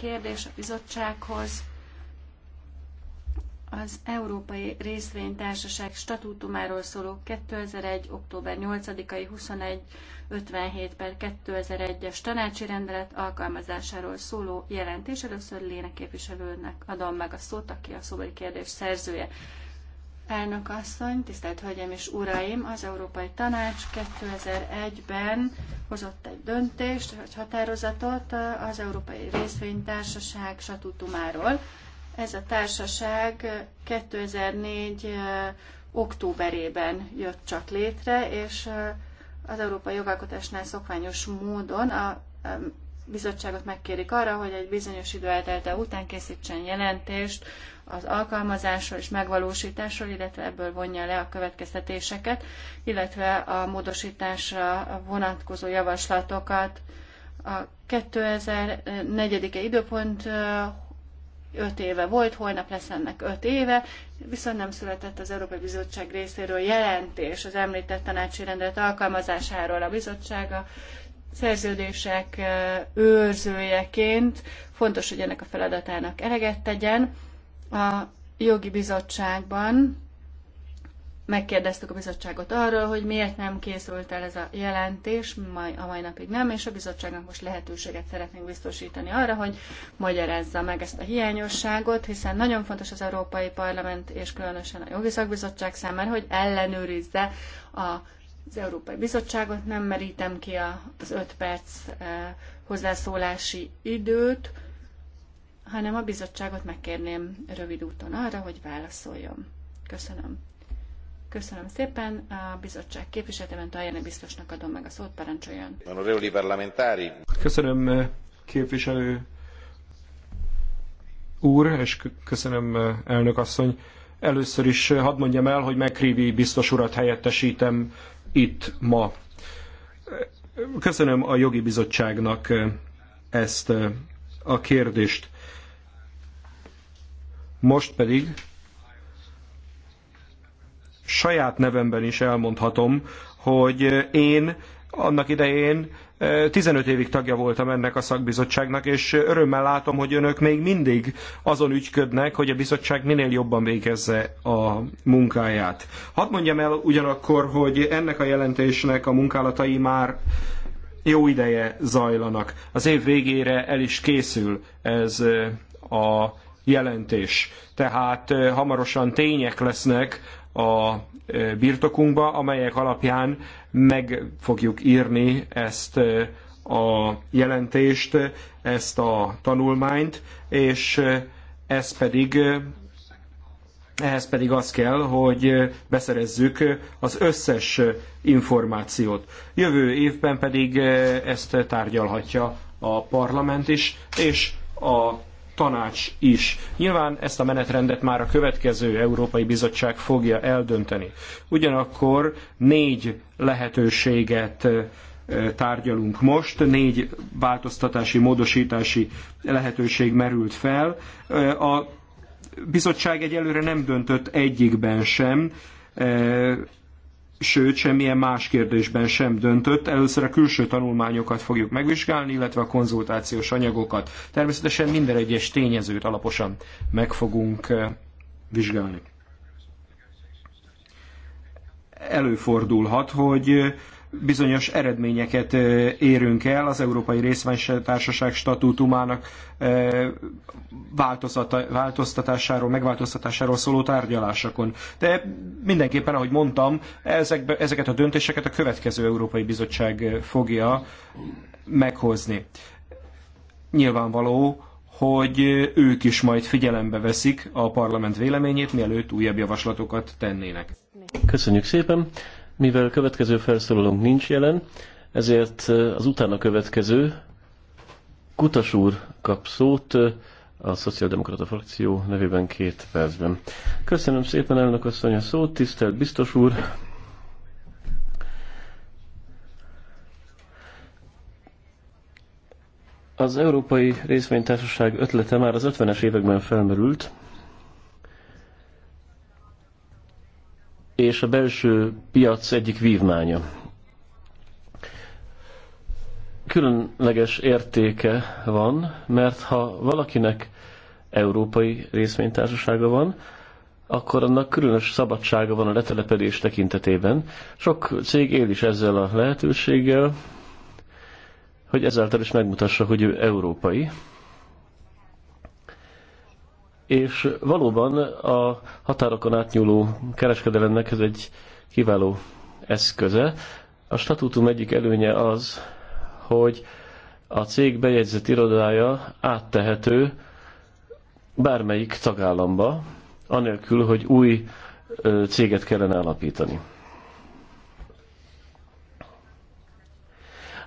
kérdés a bizottsághoz. Az Európai Részvénytársaság statútumáról szóló 2001. október 8-ai 2157 per 2001-es tanácsi rendelet alkalmazásáról szóló jelentés. Először Léne képviselőnek adom meg a szót, aki a szóbeli kérdés szerzője. Elnök asszony, tisztelt Hölgyeim és Uraim, az Európai Tanács 2001-ben hozott egy döntést, egy határozatot az Európai Részvénytársaság statutumáról. Ez a társaság 2004 októberében jött csak létre, és az európai jogalkotásnál szokványos módon a bizottságot megkérik arra, hogy egy bizonyos idő eltelte után készítsen jelentést az alkalmazásról és megvalósításról, illetve ebből vonja le a következtetéseket, illetve a módosításra vonatkozó javaslatokat. A 2004. -e időpont 5 éve volt, holnap lesz ennek 5 éve, viszont nem született az Európai Bizottság részéről jelentés az említett tanácsi rendelet alkalmazásáról. A bizottság a szerződések őrzőjeként fontos, hogy ennek a feladatának eleget tegyen. A jogi bizottságban megkérdeztük a bizottságot arról, hogy miért nem készült el ez a jelentés, mai, a mai napig nem, és a bizottságnak most lehetőséget szeretnénk biztosítani arra, hogy magyarázza meg ezt a hiányosságot, hiszen nagyon fontos az Európai Parlament és különösen a Jogi Szakbizottság számára, hogy ellenőrizze a az Európai Bizottságot, nem merítem ki az 5 perc eh, hozzászólási időt, hanem a bizottságot megkérném rövid úton arra, hogy válaszoljon. Köszönöm. Köszönöm szépen. A bizottság képviseletében Tajani biztosnak adom meg a szót, parancsoljon. parlamentári. Köszönöm eh, képviselő úr, és köszönöm eh, elnök asszony. Először is hadd mondjam el, hogy McCreevy biztos urat helyettesítem itt ma. Köszönöm a jogi bizottságnak ezt a kérdést. Most pedig saját nevemben is elmondhatom, hogy én annak idején 15 évig tagja voltam ennek a szakbizottságnak, és örömmel látom, hogy önök még mindig azon ügyködnek, hogy a bizottság minél jobban végezze a munkáját. Hadd mondjam el ugyanakkor, hogy ennek a jelentésnek a munkálatai már jó ideje zajlanak. Az év végére el is készül ez a jelentés. Tehát hamarosan tények lesznek a birtokunkba, amelyek alapján meg fogjuk írni ezt a jelentést, ezt a tanulmányt, és ez pedig ehhez pedig az kell, hogy beszerezzük az összes információt. Jövő évben pedig ezt tárgyalhatja a parlament is, és a tanács is. Nyilván ezt a menetrendet már a következő Európai Bizottság fogja eldönteni. Ugyanakkor négy lehetőséget tárgyalunk most, négy változtatási, módosítási lehetőség merült fel. A bizottság egyelőre nem döntött egyikben sem, sőt semmilyen más kérdésben sem döntött. Először a külső tanulmányokat fogjuk megvizsgálni, illetve a konzultációs anyagokat. Természetesen minden egyes tényezőt alaposan meg fogunk eh, vizsgálni. Előfordulhat, hogy eh, bizonyos eredményeket érünk el az Európai Részvénytársaság statútumának változtatásáról, megváltoztatásáról szóló tárgyalásokon. De mindenképpen, ahogy mondtam, ezekbe, ezeket a döntéseket a következő Európai Bizottság fogja meghozni. Nyilvánvaló, hogy ők is majd figyelembe veszik a parlament véleményét, mielőtt újabb javaslatokat tennének. Köszönjük szépen! Mivel a következő felszólalónk nincs jelen, ezért az utána következő Kutas úr kap szót a Szociáldemokrata frakció nevében két percben. Köszönöm szépen elnök asszony a szót, tisztelt biztos úr! Az Európai Részvénytársaság ötlete már az 50-es években felmerült, és a belső piac egyik vívmánya. Különleges értéke van, mert ha valakinek európai részvénytársasága van, akkor annak különös szabadsága van a letelepedés tekintetében. Sok cég él is ezzel a lehetőséggel, hogy ezáltal is megmutassa, hogy ő európai és valóban a határokon átnyúló kereskedelemnek ez egy kiváló eszköze. A statútum egyik előnye az, hogy a cég bejegyzett irodája áttehető bármelyik tagállamba, anélkül, hogy új céget kellene alapítani.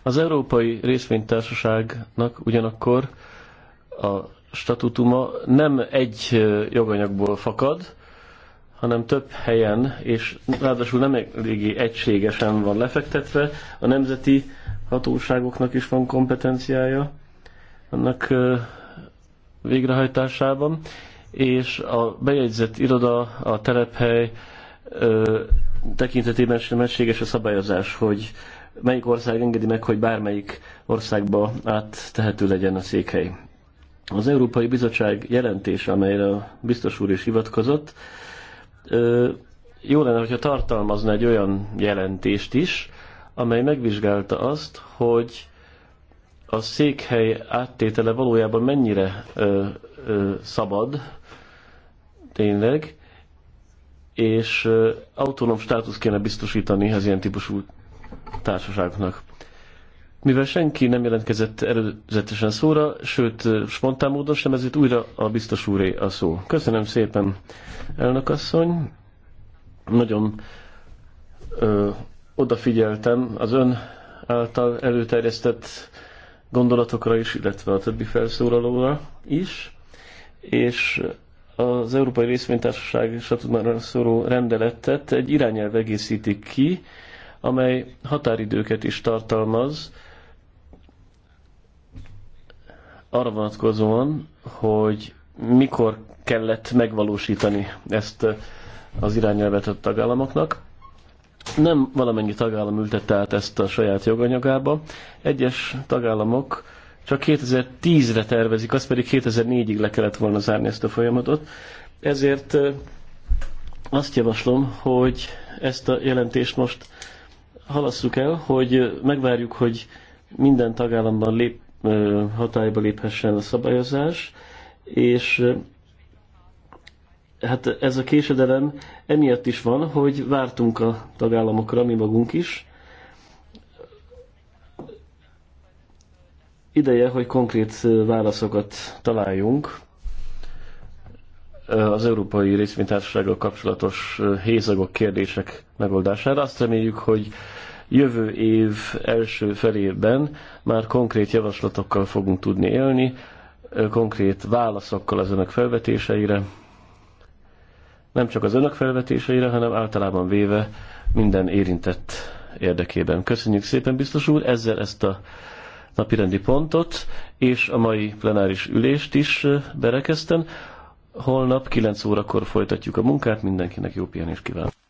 Az Európai Részvénytársaságnak ugyanakkor a statutuma nem egy joganyagból fakad, hanem több helyen, és ráadásul nem eléggé egységesen van lefektetve. A nemzeti hatóságoknak is van kompetenciája annak végrehajtásában, és a bejegyzett iroda, a telephely tekintetében sem egységes a szabályozás, hogy melyik ország engedi meg, hogy bármelyik országba áttehető legyen a székhely. Az Európai Bizottság jelentése, amelyre a biztos úr is hivatkozott, jó lenne, hogyha tartalmazna egy olyan jelentést is, amely megvizsgálta azt, hogy a székhely áttétele valójában mennyire ö, ö, szabad, tényleg, és ö, autonóm státusz kéne biztosítani az ilyen típusú társaságnak. Mivel senki nem jelentkezett előzetesen szóra, sőt, spontán módon sem, ezért újra a biztos úré a szó. Köszönöm szépen, elnökasszony. Nagyon ö, odafigyeltem az ön által előterjesztett gondolatokra is, illetve a többi felszólalóra is, és az Európai Részvénytársaság statutumára szóló rendeletet egy irányelv egészítik ki, amely határidőket is tartalmaz arra vonatkozóan, hogy mikor kellett megvalósítani ezt eh, az irányelvet a tagállamoknak. Nem valamennyi tagállam ültette át ezt a saját joganyagába. Egyes tagállamok csak 2010-re tervezik, az pedig 2004-ig le kellett volna zárni ezt a folyamatot. Ezért eh, azt javaslom, hogy ezt a jelentést most halasszuk el, hogy eh, megvárjuk, hogy minden tagállamban lép, hatályba léphessen a szabályozás, és hát ez a késedelem emiatt is van, hogy vártunk a tagállamokra, mi magunk is. Ideje, hogy konkrét válaszokat találjunk az Európai Részvénytársasággal kapcsolatos hézagok kérdések megoldására. Azt reméljük, hogy jövő év első felében már konkrét javaslatokkal fogunk tudni élni, konkrét válaszokkal az önök felvetéseire, nem csak az önök felvetéseire, hanem általában véve minden érintett érdekében. Köszönjük szépen, biztos úr, ezzel ezt a napirendi pontot és a mai plenáris ülést is berekeztem. Holnap 9 órakor folytatjuk a munkát, mindenkinek jó pihenést kívánok!